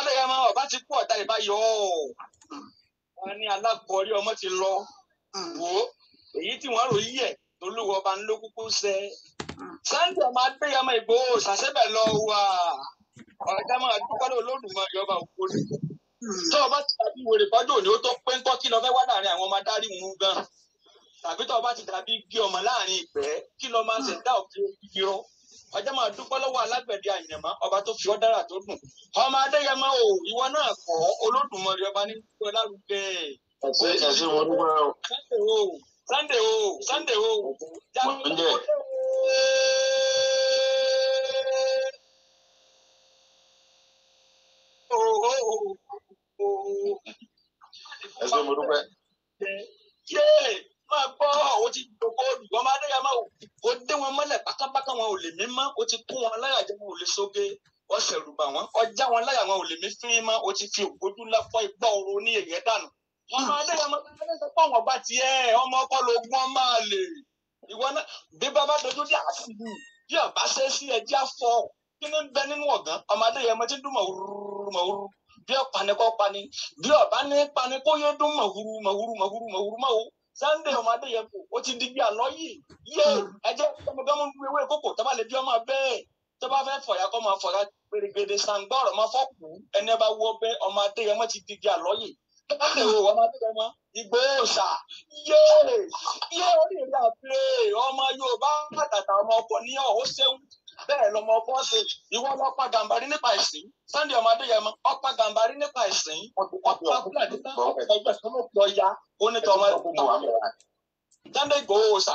alẹ́ máa ọ̀bá ti pọ̀ ọ̀tá ìbá yọ ọ́ wọn ní alákọ̀ọ́rí ọmọ ti lọ wò ó èyí tí wọ́n rò yí ẹ̀ lolúwọ́ bá ń ló sẹ́ Sunday ọmọ adéyàmọ Ìgbòho sàṣẹ́bẹ̀ lọ wà ọ̀rẹ́dá máa dúpẹ́ lọ lónìí ìjọba òkú ni tó o ti dàbí wèrè pọ́jọ́ òní ó tó pé ń tọ́kí lọ fẹ́ wá láàrin àwọn ọmọ adarí mú gan tàbí tó o ti dàbí gé ọmọ láàrin ìgbẹ́ kí lọ máa ṣẹ̀dá òfin ìrọ́ ọjọ́ máa dúpẹ́ lọ́wọ́ alágbẹ̀dẹ àyànmọ́ ọba tó fi ọ́ dára tó dùn ọmọ adéyẹmọ o ìwọ náà kọ́ olódùmarè ọba ní gbogbo lárugẹ. ẹsẹ ẹsẹ wọn dúpẹ́ o. sunday o sunday o sunday o. jáde. ẹsẹ mo dúpẹ́. ò lè mí mọ́ ó ti kó wọn láyà jẹ́ wọn ò lè sóge ọ̀sẹ̀ rùbà wọn ọjà wọn láyà wọn ò lè mí fín mọ́ ó ti fi ògbójú ńlá fọ́ igbá ooru ní èyẹ dànù. ọmọ adéyà ọmọ adéyà sọ pé àwọn ọba tiẹ̀ ọmọ ọkọ lógún ọmọ àlè ìwọ náà bí bàbá dojú dé àfihù bí ọba ṣe sí ẹjẹ afọ kí ni bẹ nínú ọgán ọmọ adéyà ọmọ ti dùn mọ wúrú mọ wúrú bí ọ̀pani kọ́ pani bí ọ̀bá ní pani kó yé dùn mọ wúrú mọ wúrú mọ wúrú mọ wúrú mọ wò Sunday ọmọ adéyà kò ó ti digbí àlọ́ yìí yé ẹjẹ ọmọdọmọ ń wéwé kókò tó bá lè bí ọmọ bẹ́ẹ̀ tó bá fẹ́ fọyà kọ máa fọyà gbèrègbèrè sàǹgbà ọ̀rọ̀ máa fọkù ẹni bá wọ bẹ ọmọ adéyẹmọ ti di àlọyè láti wo ọmọ adéyẹmọ ìgbó òòṣà yé yé oríire àpèrè ọmọ Yorùbá pàtàkì ọmọ ọkọ ní ọhún ṣeun bẹ́ẹ̀ lọmọ ọkọ ṣe ìwọ lọ pa gàmbarí nípa ìsìn Sunday ọmọ adéyẹmọ ọpa gàmbarí nípa ìsìn ọpa fúlàní náà ọgbẹ sọmọpọ ya onítọmọ ẹgbẹ Sunday Igboho òòṣà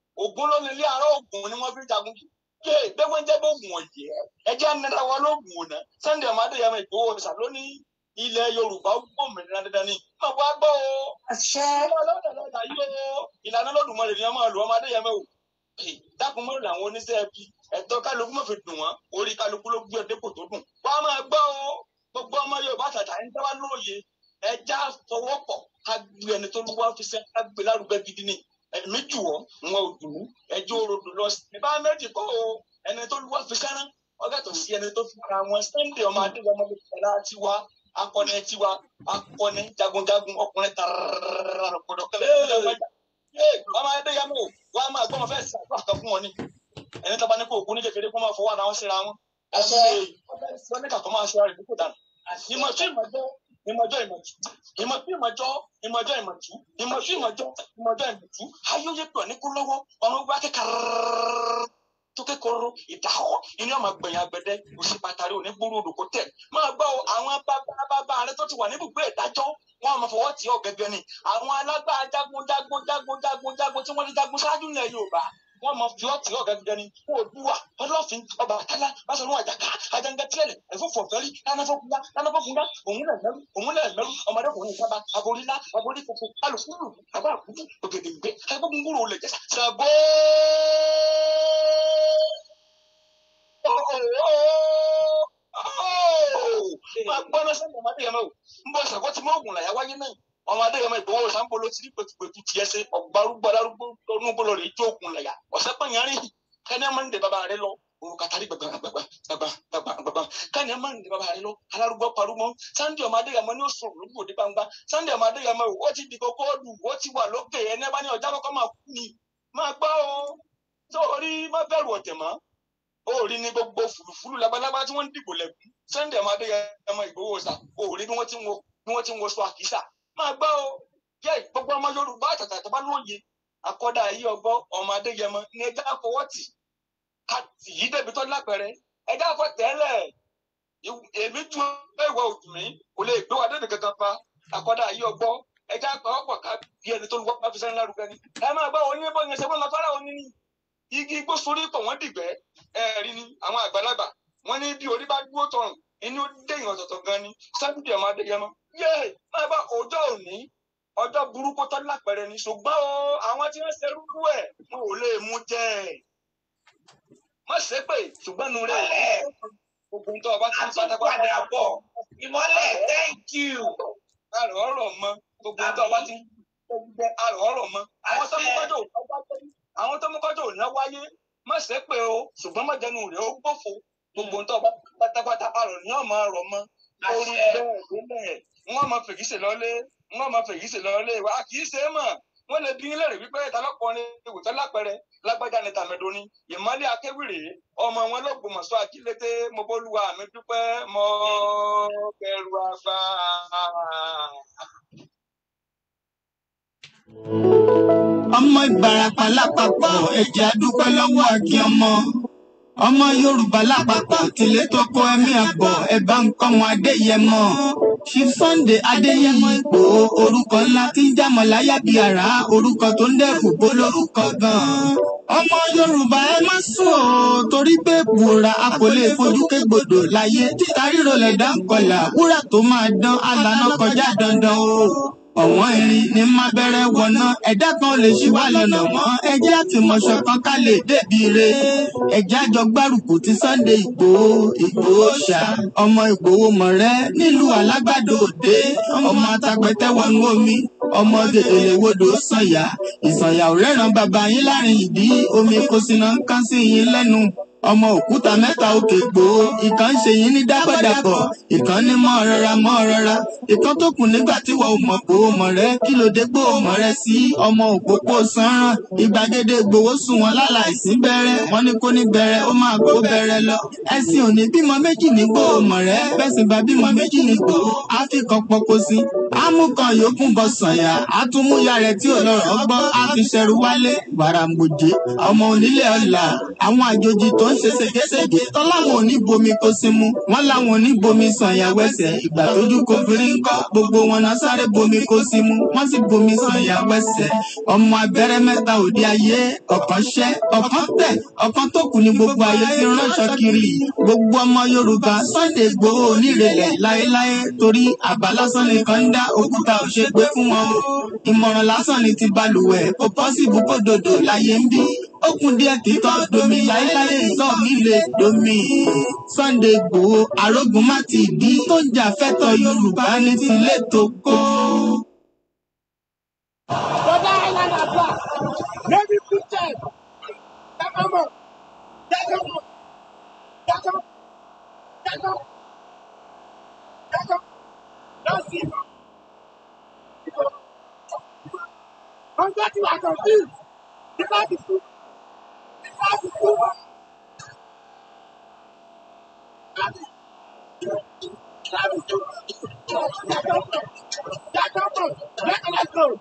Ògún ló nílé ará Ògún ni wọ́n fi jagun kí ké gbẹgbẹjẹ bó mú ọyẹ ẹjẹ nira wọn ló mú ọnà Sunday Adéyẹmọ Ìgbòho ọsà lóní ilẹ̀ Yorùbá gbòmìnira dandan ni má bọ agbọ o. ṣé ọlọ́dọ̀lọ́dà yìí o ìlànà Olódùmarè ni ọmọ àlùwọ́n Adéyẹmọ o dákun mọ́rin làwọn oníṣẹ́ ẹbí ẹ̀tọ́ kálukú mọ̀ fi dùn wọ́n orí kálukú ló gbé ọdẹ kò tó dùn wọ́n á máa gbọ́ o gbogbo ọmọ Yorùbá tàtà ń dáwà lóye ẹja fọwọ́pọ̀ ká gbé ẹni tó lúwa fi sẹ́ ká gbé lárugẹ gidi ni èmi jù ọ wọn ò dùn lọ sí ibà méjì kọ o ẹni tó lùwà fi sẹ́rán ọgá tó sí ẹni tó fi ara wọn Sunday ọmọ adéyọmọ ló tẹ̀lé àti wá akọni ẹtí wa akọni jagunjagun ọkùnrin tararara gbọdọ kẹlẹ ọmọ adéyọmọ wa máa gbọmọ fẹẹ sí àgbà kan fún wọn ni ẹni tó bá ní kó òkú ní kékeré kó máa fọwọ́ ara wọn síra wọn àṣẹ wọn ní máa ṣe ara rẹ̀ kó dànù ìmọ̀ tí ìmọ̀ jọ ìmọ̀ jọ ìmọ̀ jọ ìmọ̀jọ́ ìmọ̀jú ìmọ̀jú ìmọ̀jọ́ ìmọ̀jọ́ ìmọ̀jú ayọ́yẹ pọ̀ ní kó lọ́wọ́ ọ̀run wá kékeré tó kékeré ìdáwọ́ ìní ọmọ gbẹ̀yìn agbẹ̀dẹ òsì pàtàkì òní gbúrú òdòkó tẹ̀ máa gbọ́ àwọn bábábá rẹ tó ti wà níbùgbé ìdájọ́ wọn àmọ́ fọwọ́ tì ọ́ gẹ́gẹ́ ni àwọn alágbá jagun jagun jagun jagun jagun tí wọ́n ti jagun ṣáájú nílẹ̀ Yorùbá wọ́n mọ fi ọtí ọ̀gá gẹ́gẹ́ ni kó o dúwà ọlọ́fin ọba àtàlà bàṣọ̀rọ̀ àjàká àjàngàtìlẹ̀ ẹ̀fọ́fọ̀fẹ́lì lánàfọ́kúnlá lánàfọ́kúnlá òun náà mẹ́rù òun náà mẹ́rù ọmọdékùnrin sábà agorílá agorí koko alùpùpù àbá àkútù ògèdèǹgbé agbógungbòrò olè jẹ́sà Ṣàngó. Oh, oh, oh, máa gbọ́ná sẹ́yìn ọmọdé yẹn mọ́ ọmọ adéyẹmọ ìgbòho sanbó ló ti rí pẹtupẹtu tiẹ ṣe ọgbàrúgbà darúgbó lọnùgbò lọrẹ ìjó òkun lẹyà ọsẹ pé yẹn rí kẹne máa ń de bàbá rẹ lọ òun kàtàrí gbàgbà gbàgbà gbàgbà gbàgbà gbàgbà kẹne máa ń de bàbá rẹ lọ alárúgbó parúmọ Sunday ọmọ adéyẹmọ ní oṣù olùgbò dé gbangba Sunday ọmọ adéyẹmọ ti di kókó ọdù ó ti wà lókè ẹni bá ní ọjà kọkọ máa kú ni máa gbọ́ o sórí ma bẹ̀rù ọ̀tẹ̀ mọ́ òòrí ní gbogbo fùlùfùlù labalábá tí wọ́n ń dìbò lẹ́kùn Sunday ọmọ adéyẹmọ ìgbòho sà òòrí bí wọ́n ti ń wo sọ àkísà máa gbọ́ o jẹ́ gbogbo ọmọ Yorùbá àtàtà tó bá lóye akọ́dà ọgbọ ọgbọ́ ọmọ Adéyẹmọ ni ẹja fọwọ́ tì ká tì yí débi tó lápẹẹrẹ ẹja fọ tẹ́lẹ̀ èmi tún ẹ̀wọ̀ òjò kò lè gbé wa débi kankan pa akọ́dà yí ọgbọ́ ẹja pàwọ́pọ̀ ká bí ẹni tó fi sẹ́yìn lárugẹ ni ẹ máa gbọ́ yẹn sẹ́wọ́n igi igbó pọ̀ wọ́n dìgbẹ́ ni àwọn yéè máa bá ọjọ́ òní ọjọ́ burúkú tọ́ lápẹ̀rẹ̀ ni ṣùgbọ́n o àwọn tí wọ́n ṣe rúrú ẹ̀ wọn ò lè mú jẹ́ ẹ̀ má ṣe pé ṣùgbọ́n nu rẹ̀ ogun tó ọba tó ń sọ tẹ́kọ̀ padà bọ̀ ìmọ́lẹ̀ thank you. àrò ọ̀rọ̀ mọ gbogbo tó ọba ti ń jẹ àrò ọ̀rọ̀ mọ àwọn tó mú kọ́jọ́ àwọn tó mú kọ́jọ́ òní wáyé má ṣe pé o ṣùgbọ́n má jẹnu rẹ̀ ó gbófo gbogbo tó ọba pátápátá àrò ní ọ̀mọ́ àrò mọ́ orí bẹ́ẹ̀ délẹ̀ wọ́n mọ fèrèsé lọ́lé wọ́n mọ fèrèsé lọ́lé wa kì í ṣe é mọ̀ wọ́n lè bí lẹ́rìí wípé ìtàlọ́kùnrin ìwòtẹ́ lápẹ̀rẹ̀ lágbájá ni tàmẹ̀dọ́ ni ìmọ̀lẹ́ akéwìrè ọmọ wọn lọ́gbọ̀mọ̀sọ akílété mo bólúwa mi dúpẹ́ mo bẹ̀rù àgbà. ọmọ Ìbàràpá lápapọ̀ ẹ̀jẹ̀ àdúpẹ́ lọ́wọ́ àkí ọmọ yorùbá lápapọ̀ tìlé tọkọ ẹ̀mí àgbọ̀ ẹ̀bá nǹkan wọn adéyẹmọ chief sunday adéyẹmọ ipò orúkọ ńlá tí ń jámọ láyà bíi àrá orúkọ tó ń dẹrù bó lórúkọ gan-an ọmọ yorùbá ẹ má sùn o torí pé bùrà a kò lè fojú kégbodò láyé títa ríro lẹ̀dá wúrà tó máa dán alànà kọjá dandan o ọ̀wọ́n irin ni má bẹ̀rẹ̀ wọ̀nà ẹ̀dá kan lè ṣí wá lọ́nà mọ́ ẹjẹ́ àtìmọ̀ṣọ kan ká lè débi re ẹjẹ́ àjọ gbárùkù ti Sunday Ìgbòho Ìgbòho ṣá ọmọ Ìgbòho mọ̀rẹ́ nílùú Alágbàdo òde ọmọ atapẹ̀tẹ̀ wọnú omi ọmọ gèdèlè wodò sànyà ìsànyà ò rẹ́ràn bàbá yín láàrin ìdí omi kò sínú kán yín lẹ́nu ọmọ òkúta mẹ́ta òkè gbò ó ìkan ń ṣe yín ní dápẹ́dàpọ̀ ìkan ní mọ́ rọra mọ́ rọra ìkan tó kù nígbà tí wọ́n ò mọ̀ pé ó mọ̀ rẹ kí ló dé pé ó mọ̀ rẹ sí ọmọ òpópó sanran ìgbàgede gbowó sùn wọn lálà ìsín bẹ̀rẹ̀ wọn ní kó ní bẹ̀rẹ̀ ó máa kó bẹ̀rẹ̀ lọ ẹ̀sìn òní bímọ méjì ní mọ̀ rẹ bẹ́sìn bá bímọ méjì ní á fi kan pọkó sí amúkan yòókù bọ sànyà àtúmúyà rẹ tí ọlọ́rọ̀ gbọ́ àfiṣẹrù wálé bàràǹgbòjé ọmọ onílẹ̀ ọlà àwọn àjòjì tó ń ṣe ségesège tọ́láwọn oníbomi kó símú wọn láwọn oníbomi sànyà wẹsẹ̀ ìgbà tójú kò firi ń kọ́ gbogbo wọn náà sáré bomi kó símú wọn sì bomi sànyà wẹsẹ̀ ọmọ abẹ́rẹ́ mẹ́ta òde ayé ọ̀kan ṣẹ́ ọ̀kan tẹ̀ ọ̀kan tó kù ní gbogbo ayé ti ránṣọ kiri gbogbo ọmọ Yorùbá Sunday òkúta ò ṣe fún wọn o ìmọ̀ràn lásán ni ti balùwẹ̀ kò pọ́sibú kó dodo láyé ń bí ó kún díẹ̀ domi láéláé ìtọ́ mi lè domi Sunday Igboho arógun má ti dí tó ń jà fẹ́tọ̀ Yorùbá ní tilé tó kó. bàbá alága àgbà lórí píjẹ dákọmọ dákọmọ dákọmọ dákọmọ dákọmọ lọ sí ìmọ̀. I'm not you are do. This life is stupid. This is stupid. Life is stupid. Life is stupid. i your fault. That's your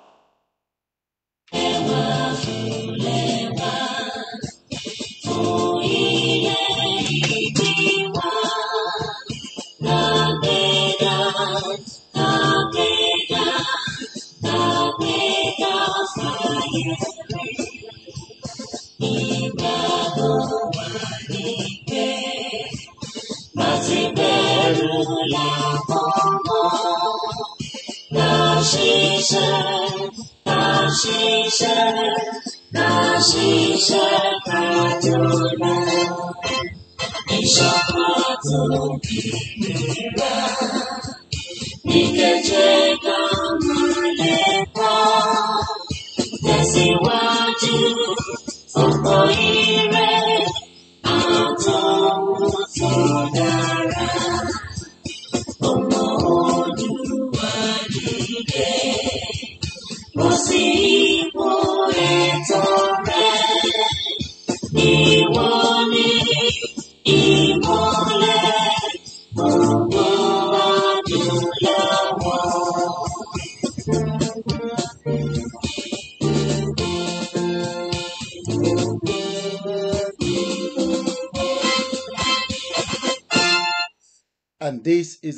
fault.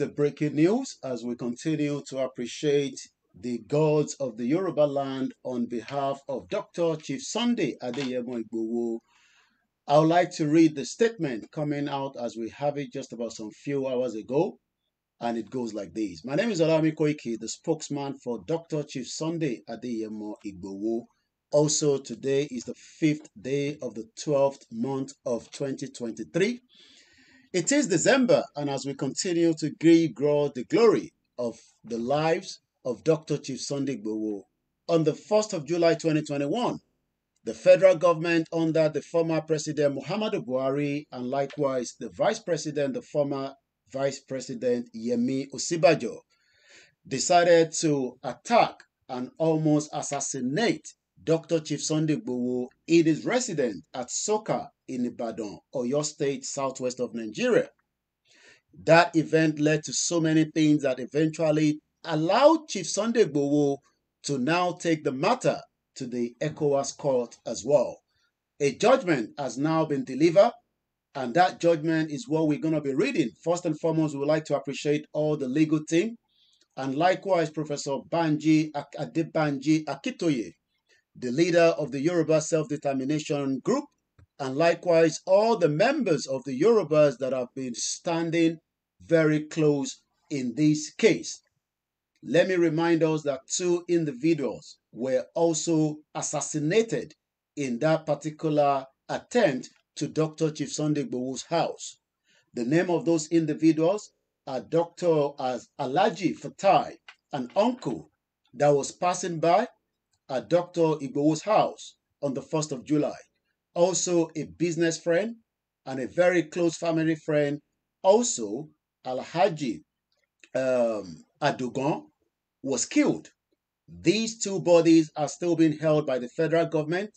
the breaking news as we continue to appreciate the gods of the Yoruba land on behalf of Dr. Chief Sunday Adeyemo Igbowo. I would like to read the statement coming out as we have it just about some few hours ago, and it goes like this. My name is Alami Koike, the spokesman for Dr. Chief Sunday Adeyemo Igbowo. Also, today is the fifth day of the 12th month of 2023. It is December, and as we continue to give God the glory of the lives of Dr. Chief Sunday Gbowo, on the 1st of July 2021, the federal government under the former President Muhammadu Buhari and likewise the Vice President, the former Vice President Yemi Osibajo, decided to attack and almost assassinate Dr. Chief Sunday Gbowo it is resident at Soka in Ibadan, Oyo State, southwest of Nigeria. That event led to so many things that eventually allowed Chief Sunday Gbowo to now take the matter to the ECOWAS court as well. A judgment has now been delivered, and that judgment is what we're going to be reading. First and foremost, we would like to appreciate all the legal team, and likewise Professor Banji Adebanji Akitoye the leader of the Yoruba Self Determination Group, and likewise all the members of the Yorubas that have been standing very close in this case. Let me remind us that two individuals were also assassinated in that particular attempt to Dr. Chief Sunday Gbowo's house. The name of those individuals are Dr. As Alaji Fatai, an uncle that was passing by at Dr. Igbo's house on the 1st of July. Also, a business friend and a very close family friend, also Alhaji um, Adugan, was killed. These two bodies are still being held by the federal government.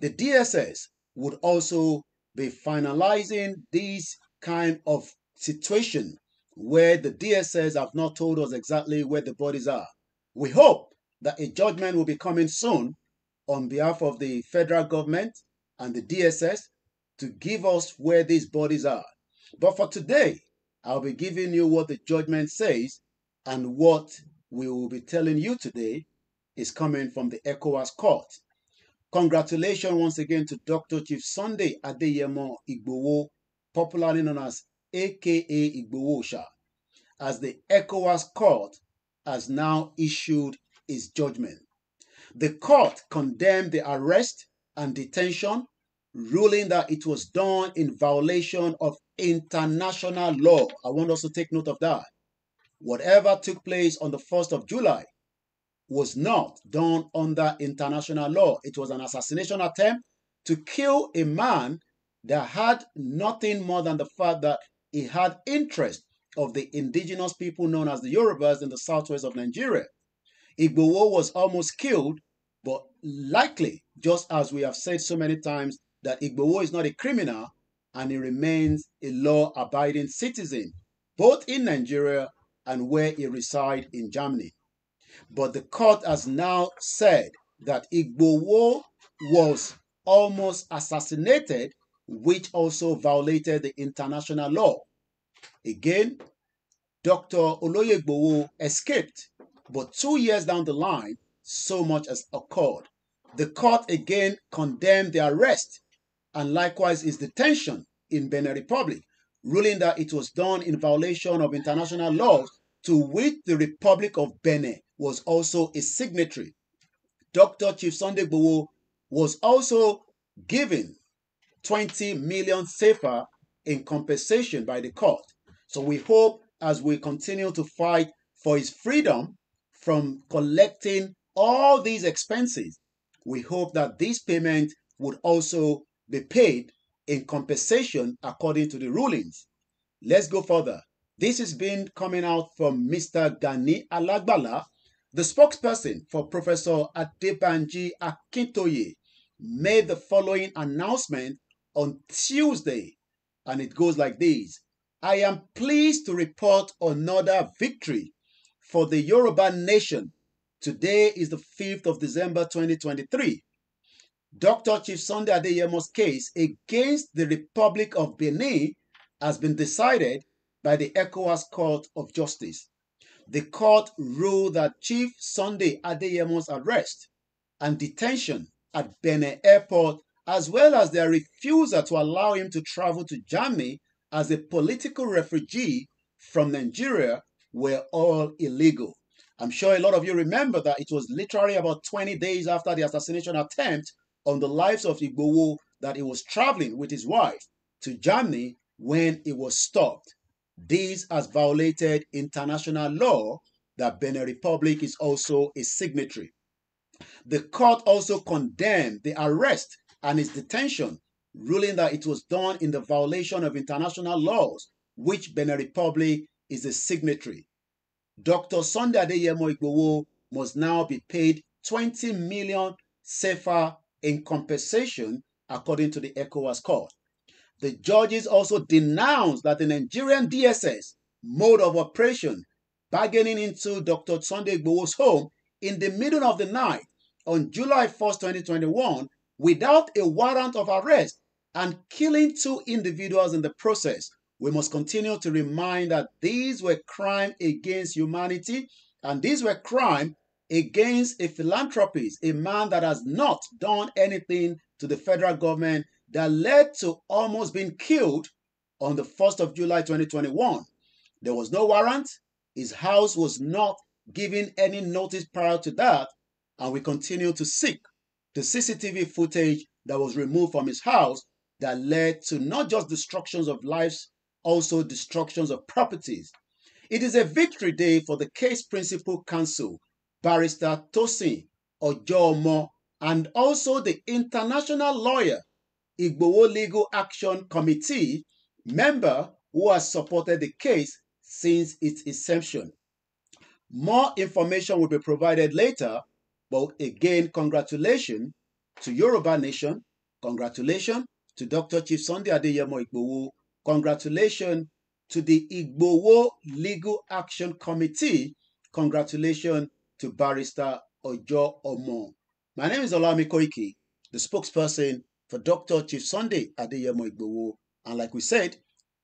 The DSS would also be finalizing these kind of situation where the DSS have not told us exactly where the bodies are. We hope that a judgment will be coming soon on behalf of the federal government and the DSS to give us where these bodies are. But for today, I'll be giving you what the judgment says and what we will be telling you today is coming from the ECOWAS court. Congratulations once again to Dr. Chief Sunday Adeyemo Igbowo, popularly known as AKA Igbowosha, as the ECOWAS court has now issued is judgment. The court condemned the arrest and detention, ruling that it was done in violation of international law. I want us to take note of that. Whatever took place on the 1st of July was not done under international law. It was an assassination attempt to kill a man that had nothing more than the fact that he had interest of the indigenous people known as the Yorubas in the southwest of Nigeria. Igbowo was almost killed, but likely, just as we have said so many times, that Igbowo is not a criminal and he remains a law abiding citizen, both in Nigeria and where he resides in Germany. But the court has now said that Igbowo was almost assassinated, which also violated the international law. Again, Dr. Oloyegbowo escaped but two years down the line, so much has occurred. The court again condemned the arrest and likewise his detention in Benin Republic, ruling that it was done in violation of international laws to which the Republic of Benin was also a signatory. Dr. Chief Sunday Bowo was also given 20 million sefa in compensation by the court. So we hope as we continue to fight for his freedom from collecting all these expenses. We hope that this payment would also be paid in compensation according to the rulings. Let's go further. This has been coming out from Mr. Gani Alagbala, the spokesperson for Professor Adebanji Akintoye, made the following announcement on Tuesday, and it goes like this I am pleased to report another victory for the Yoruba nation. Today is the 5th of December 2023. Dr. Chief Sunday Adeyemo's case against the Republic of Benin has been decided by the ECOWAS Court of Justice. The court ruled that Chief Sunday Adeyemo's arrest and detention at Benin Airport, as well as their refusal to allow him to travel to Germany as a political refugee from Nigeria, were all illegal. I'm sure a lot of you remember that it was literally about 20 days after the assassination attempt on the lives of Igbowo that he was traveling with his wife to Germany when he was stopped. This has violated international law that Benin Republic is also a signatory. The court also condemned the arrest and his detention, ruling that it was done in the violation of international laws which Benin Republic is a signatory. Dr. Sunday Adeyemo Igbowo must now be paid 20 million sefa in compensation, according to the ECOWAS court. The judges also denounced that the Nigerian DSS mode of operation, bargaining into Dr. Sunday Igbowo's home in the middle of the night on July 1st, 2021, without a warrant of arrest and killing two individuals in the process, we must continue to remind that these were crimes against humanity and these were crimes against a philanthropist, a man that has not done anything to the federal government that led to almost being killed on the 1st of July 2021. There was no warrant, his house was not given any notice prior to that, and we continue to seek the CCTV footage that was removed from his house that led to not just destructions of lives also destructions of properties. It is a victory day for the case principal counsel, Barrister Tosin Ojomo, and also the international lawyer, Igbowo Legal Action Committee, member who has supported the case since its inception. More information will be provided later, but again, congratulations to Yoruba Nation, congratulations to Dr. Chief Sunday Adeyemo Igbowo Congratulations to the Igbowo Legal Action Committee. Congratulations to Barrister Ojo Omo. My name is Olami Koiki, the spokesperson for Dr. Chief Sunday Adeyemo Igbowo. And like we said,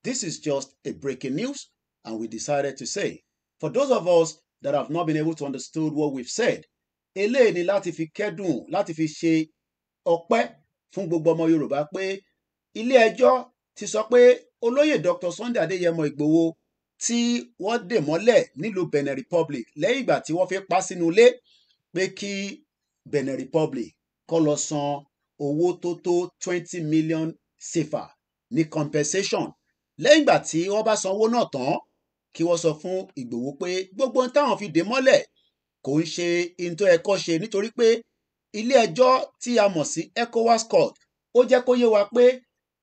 this is just a breaking news, and we decided to say, for those of us that have not been able to understand what we've said, eléyìí ni láti fi kẹ́dùn láti fi ṣe ọpẹ́ fún gbogbo ọmọ Yorùbá pé ilé ẹjọ́ ti sọ pé olóyè Dr. Sunday Adéyẹmọ Ìgbòho tí wọ́n dè mọ́lẹ̀ nílùú Benin Republic lẹ́yìn ìgbà tí wọ́n fi pa sínú ilé pé kí Benin Republic kó lọ san owó tó tó twenty million sefa ní compensation lẹ́yìn ìgbà tí wọ́n bá sanwó náà tán kí wọ́n sọ fún Ìgbòho pé gbogbo ohun táwọn fi dè mọ́lẹ̀ kò ń ṣe ohun tó yẹ ṣe nítorí pé ilé ẹjọ́ tí a mọ̀ sí ECOWAS court ó jẹ́ kó yé wa pé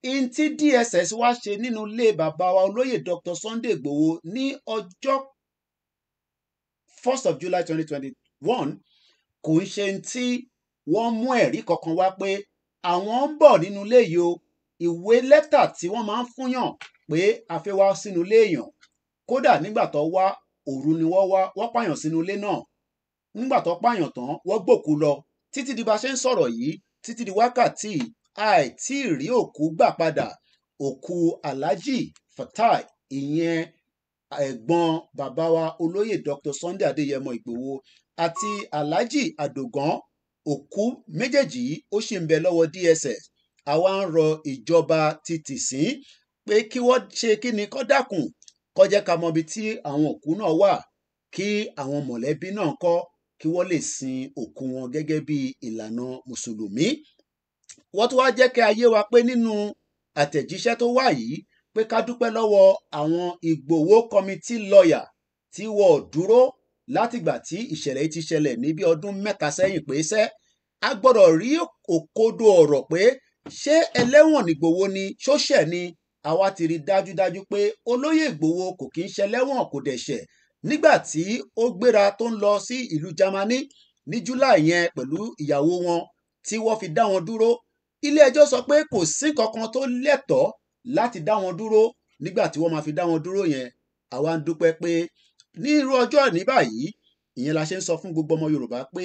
in tí DSS wá ṣe nínú ilé bàbá wa olóyè Dr. Sunday Igboho ní ọjọ́ first of July twenty twenty one kò ń ṣe tí wọ́n mú ẹ̀rí kankan wá pé àwọn ń bọ̀ nínú ilé yìí o ìwé lẹ́tà tí wọ́n máa ń fúnyàn pé a fẹ́ wá sínú ilé èèyàn kódà nígbà tó wá òru ni wọ́n wá wọ́n pààyàn sínú ilé náà nígbà tó pààyàn tán wọ́n gbòkú lọ títí di bá ṣe ń sọ̀rọ̀ yìí títí di wákàtí àìtí rí òkú gbà padà òkú aláàjì fatai ìyẹn ẹ̀gbọ́n bàbá wa olóyè dr sunday adéyẹmọ ìgbòho àti aláàjì àdògán òkú méjèèjì ó sì ń bẹ lọ́wọ́ dss àwa ń rọ ìjọba ti tìsín pé kí wọ́n ṣe kí ni kọ́ dákun kó jẹ́ ká mọbi tí àwọn òkú náà wà kí àwọn mọ̀lẹ́bí náà kọ́ kí wọ́n lè sin òkú wọn gẹ́gẹ́ bí ìlànà mùsùlùmí wọ́n tún wá jẹ́ kí ayé wa pé nínú àtẹ̀jíṣẹ́ tó wà yìí pé ká dúpẹ́ lọ́wọ́ àwọn Ìgbòho committee lawyer tí wọ́n dúró látìgbà tí ìṣẹ̀lẹ̀ ti ṣẹlẹ̀ ní bí ọdún mẹ́ta sẹ́yìn pé sẹ́ a gbọ́dọ̀ rí òkodo ọ̀rọ̀ pé ṣé ẹlẹ́wọ̀n nìgbòho ni ṣóṣẹ̀ ni àwa ti rí dájúdájú pé olóyè Ìgbòho kò kí ń ṣẹlẹ́wọ̀n kò dẹ̀ṣẹ̀ nígbà tí ó gbéra tó ń lọ sí ìlú Jámánì ní July yẹn pẹ̀lú ìyàwó wọn tí wọ́n fi dá wọn dúró ilé-ẹjọ́ sọ pé kò sí kankan tó lẹ́tọ̀ọ́ láti dá wọn dúró nígbà tí wọ́n máa fi dá wọn dúró yẹn àwa ń dúpẹ́ pé ní irú ọjọ́ ní báyìí ìyẹn la ṣe ń sọ fún gbogbo ọmọ Yorùbá pé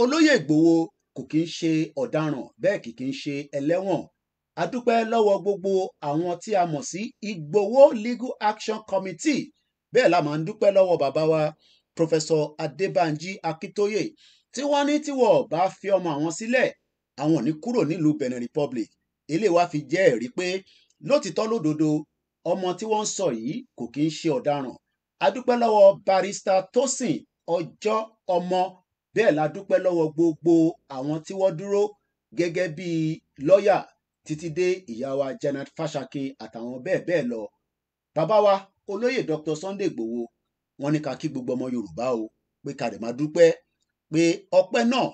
olóyè Ìgbòho kò kí ń ṣe ọ̀daràn bẹ́ẹ̀ kì kí ń ṣe ẹlẹ́wọ̀n a dúpẹ́ gbogbo àwọn tí a mọ̀ sí Ìgbòho Legal Action Committee bẹ́ẹ̀ la máa ń dúpẹ́ lọ́wọ́ bàbá wa Professor Adébánjí Akíntóyè tí wọ́n ní tí wọ́n bá fi ọmọ àwọn sílẹ̀ àwọn ò kúrò nílùú Benin Republic eléyìí wá fi jẹ́ ẹ̀rí pé lótìtọ́ lódodo ọmọ tí wọ́n ń sọ yìí kò kí ń ṣe ọ̀daràn adúpẹ́ lọ́wọ́ barista Tosin Ọjọ́ Ọmọ bẹ́ẹ̀ la dúpẹ́ lọ́wọ́ gbogbo àwọn tí wọ́n dúró gẹ́gẹ́ bí lọ́ọ̀yà títí dé ìyá wa Janet Fashake àtàwọn bẹ́ẹ̀ bẹ́ẹ̀ lọ bàbá wa olóyè Dr. Sunday Igboho wọ́n ní ká kí gbogbo ọmọ Yorùbá o pé ká lè dúpẹ́ pé ọpẹ́ náà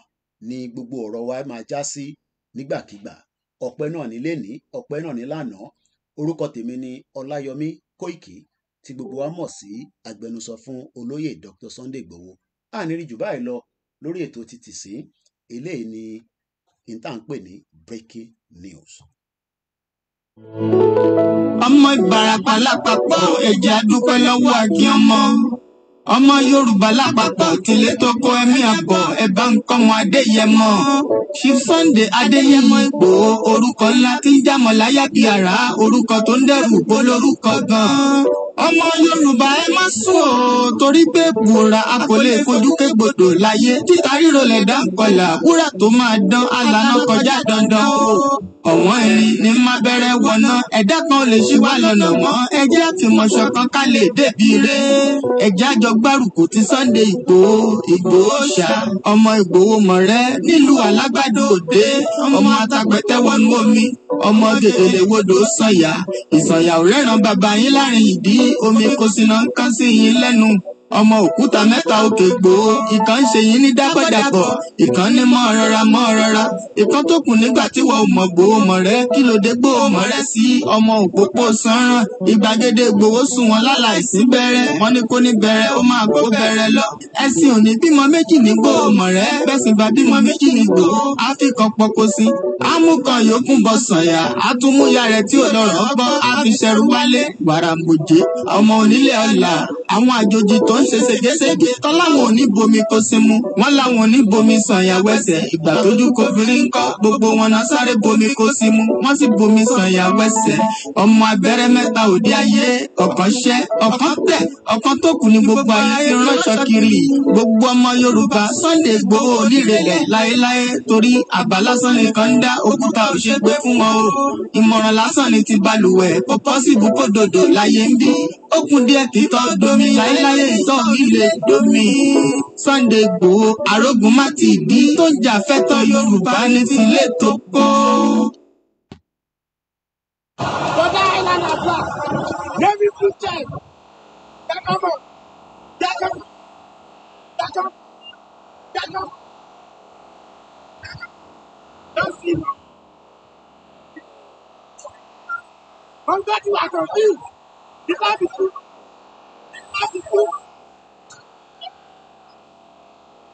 ni gbogbo ọ̀rọ̀ wa máa já sí nígbàkigbà ọpẹ́ náà ní lénìí ọpẹ́ náà ní lánàá orúkọ tèmi ni ọláyọmí kóìkì tí gbogbo wa mọ̀ sí agbẹnusọ fún olóyè dr sunday igbòho àníri jù báyìí lọ lórí ètò ti tìsín eléyìí ni níta ń pè ní breaking news. ọmọ ìbarapá lápapọ̀ ẹ̀jẹ̀ adúpẹ́ lọ́wọ́ akíọ́mọ ọmọ yorùbá lápapọ̀ tìlẹ̀ tó kó ẹ̀mí àbọ̀ ẹ̀bá nǹkan wọn adéyẹmọ ṣífọ́ǹdé adéyẹmọ ìgbò orúkọ ńlá tí ń jámọ̀ láyà bí àrá orúkọ tó ń dẹrù bó lórúkọ gan-an ọmọ yorùbá ẹ má sùn o torí pé bùrà a kò lè fojú kégbodò láyé títa ríro lè dá kọlà wúrà tó máa dán alànà kọjá dandan o ọ̀wọ́n ẹni ní má bẹ̀rẹ̀ wọ̀nà ẹ̀dá kan lè ṣí wá lọ́nà mọ́ ẹjẹ́ àfìmọ̀ṣọ kan ká lè débi ré ẹjẹ́ àjọ gbárùkù ti Sunday Ìgbòho Ìgbòho ṣá ọmọ Ìgbòho mọ̀rẹ́ nílùú alágbádò òde ọmọ atagbẹ̀tẹ̀ wọnú omi ọmọ gègèlè wodò sànyà ìsànyà ò rẹ́ràn bàbá yín láàrin ìdí omi kò sì náà ń kán sí yín lẹ́nu ọmọ òkúta mẹ́ta òkè gbòó ìkan ń ṣe yín ní dápẹ́dàpọ̀ ìkan ní mọ́ rọra mọ́ rọra ìkan tó kù nígbà tí wọ́n mọ̀ gbòó mọ̀ rẹ́ kí ló dé gbòó mọ̀ rẹ́ sí ọmọ òpópó sanran ìgbàgede gbòó sùn wọn lálà ìsín bẹ̀rẹ̀ wọn ní kó ní bẹ̀rẹ̀ ó máa kó bẹ̀rẹ̀ lọ ẹ̀sìn òní bímọ méjì ní gbòó mọ̀ rẹ́ bẹ́sìn bá bímọ méjì ní gbòó á fi kan pọkó sí amúkan yòókù bọ sànyà ń ṣe ségesège tán láwọn ò bomi kó sí mu wọ́n láwọn ò ní bomi sànyàwó ẹsẹ̀ ìgbà tójú kòfìrí ń kọ́ gbogbo wọn náà sáré bomi kó sí mu wọ́n sì bomi sànyàwó ẹsẹ̀ ọmọ abẹ́rẹ́ mẹ́ta òde ayé ọ̀kan ṣẹ́ ọ̀kan tẹ̀ ọ̀kan tó kù ní gbogbo ayé ti ránṣọ kiri gbogbo ọmọ Yorùbá Sunday Igboho onírèlẹ̀ láéláé torí àbá lásán nìkan ń dá òkúta òṣègbè fún o ìmọ̀ràn lásán ni ti balùwẹ̀ kó pọ́sibú kó dòdò láyé ń bí ó kún díẹ̀ kí tọ́ domi láéláé ẹ̀tọ́ mi lè domi. Sunday Igboho arógun má ti dí tó jà fẹ́tọ́ Yorùbá létí lè tó kó. Bọ̀dá Island at last, every good time, dákọ́mọ̀, dákọ́mọ̀, dákọ́mọ̀, dákọ́mọ̀, dákọ́mọ̀, I'm glad you are confused. Because it's true. Because it's true.